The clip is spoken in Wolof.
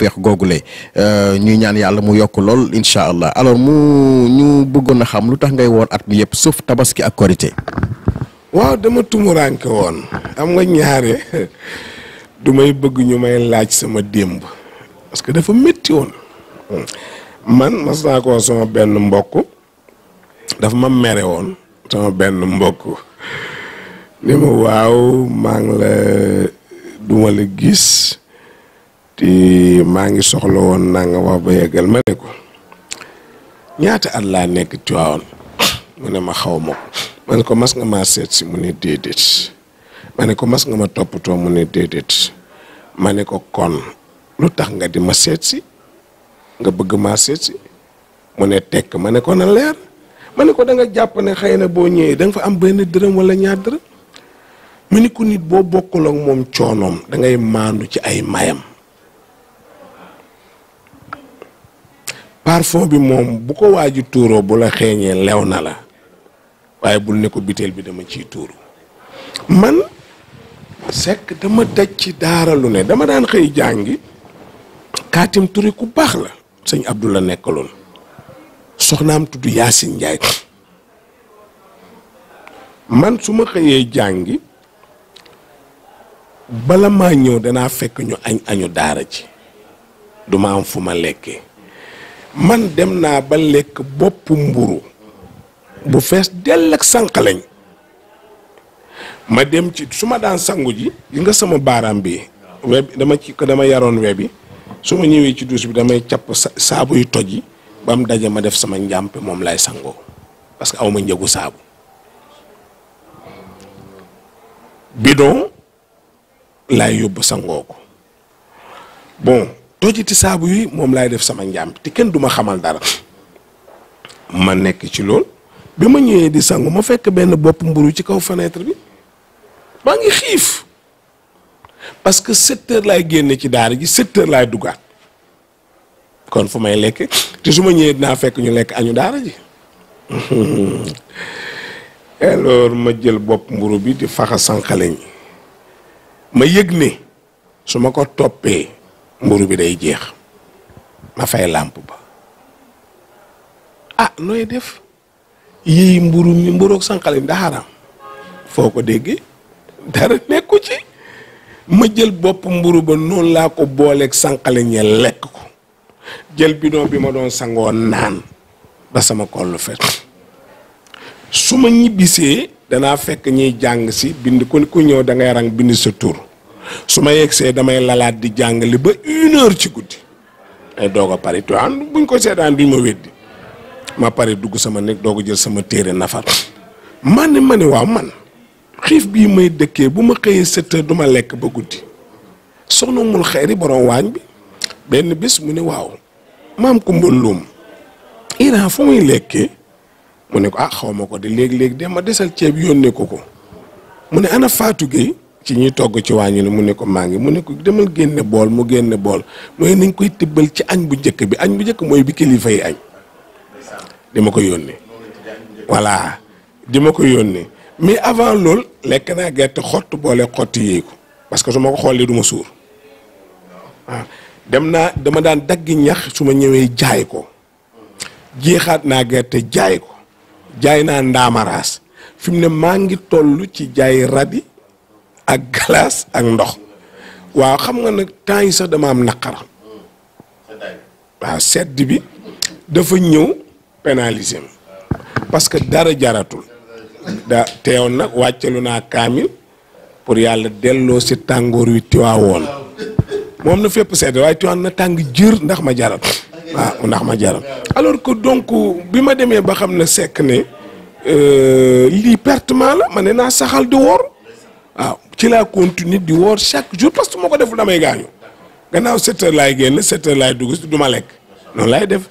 tawféex googule euh, ñuy ñaan yàlla mu yokk lool incha allah alors mu ñu bëggoon a xam lu tax ngay woon at mi yëpp sauf tabaski ak korité waaw dama tumuraanke woon am nga ñaare du may bëgg ñu may laaj sama démb parce que dafa métti woon man mas naa ko sama benn mbokk dafa ma mere woon sama benn mbokk ni ma waaw maa la duma la gis di maa ngi soxla woon naa wax ba yeggal ma ne ko ñaata at laa nekk Tiwaawan mu ne ma xaw ma ko ma ne ko mas nga maa seet si mu ne déedéet ma ne ko mas nga ma toppatoo mu ne déedéet ma ne ko kon lu tax nga di ma seet si nga bëgg maa seet mu ne tekk ma ne ko na leer ma ne ko danga nga jàpp ne xëy na boo ñëwee da fa am benn dërëm wala ñaat dërëm mu ni ko nit boo bokkulook moom coonoom da ngay maandu ci ay mayam parfum bu ko waaju tuuroo bu la xeeñee lew na la waaye bul ne ko biteel bi dama ciy tuuru man sekk dama daj ci daara lu ne dama daan xëy jàngi kaatim turi ku baax la sëñ Abdou la nekkaloon soxnaam tudd Yaasin Njaay man su ma xëyee jàngi bala maa ñëw danaa fekk ñu añ añu daara ci duma am fu ma lekkee man dem naa ba lekk boppu mburu bu fees dell ak sànqaleñ ma dem ci su ma daan sangu ji li nga sama baaraam bi web dama ci ko dama yaroon web yi su ma ñëwee ci duus bi damay capp saabu yu toj yi ba mu daje ma def sama njàmpe moom laay sangoo parce que aw ma njëgu saabu bidon laay yóbbu sangoo ko bon ci saabu yi moom laay def sama njaam te kenn du ma xamal dara ma nekk ci lool bi ma ñëwee di sangu ma fekk benn bopp mburu ci kaw fenêtre bi que sept heures génne ci daara ji sept heures laay kon fu may lekk su ma ñëwee dinaa fekk ñu lekk añu daara ji jël bopp mburu bi di faxa sànqaleñ ma yëg ne su ma ko toppee mburu bi day jeex ma fay làmp ba ah nooy def yii mburu mi mburoog sànqale bi foo ko dégg dara nekku ci ma jël bopp mburu ba noonu laa ko booleek sànqale ñe lekk ko jël bidon bi ma doon sangoo naan ba sama kollu fet su ma ñibbisee danaa fekk ñuy jàng si bind ku ku ñëw da ngay rang bind sa tur su ma yegsee damay lalaat di li ba une ci guddi ay doog a pare Tiwaawan buñ ko seddaan duñ ma weddi ma pare dugg sama néeg doog a jël sama téere nafar man ne ma ne waaw man xiif bii may dëkkee bu ma xëyee sept heures lekk ba guddi soxna mul xeeri boroom waañ bi benn bis mu ne waaw maam ko mbëlluum Iran fu muy lekkee mu ne ko ah xaw ma ko di léeg léeg de ma desal ceeb yónnee ko ko mu ne ana Fatou ci ñuy togg ci waañu la mu ne ko maa ngi mu ne ko demal génne bool mu génne bool mooy nañ koy tibbal ci añ bu njëkk bi añ bu njëkk mooy bi kilifa yi añ di ma ko yónnee voilà di ma ko yónnee mais avant lool lekk naa gerte xott boole xotti yéey ko parce que su ma ko xoolee du ma suur dem naa dama daan daggi ñax su ma ñëwee jaay ko jeexaat naa gerte jaay ko jaay naa ndaamaraas fi mu ne maa ngi toll ci jaay radi ak glace ak ndox waaw xam nga nag temps yi sax dama am naqar waaw sedd bi dafa ñëw pénaliser parce que dara jaratul da teewoon nag wàccalu naa kaamil pour yàlla delloo si tàngoor wi tiwaawoon moom na fépp sedd waaye tiwaan na tàng jër ndax ma jaral waaw ndax ma jaral alors que donc bi ma demee ba xam ne sekk ne euh, lii pertement la ma ne naa saxal di woor waaw ci la continuer di woor chaque jour parce que moo ko deful damay gaañu gannaaw 7 heures laay génn 7 heures laay dugg du ma lekk noonu laay def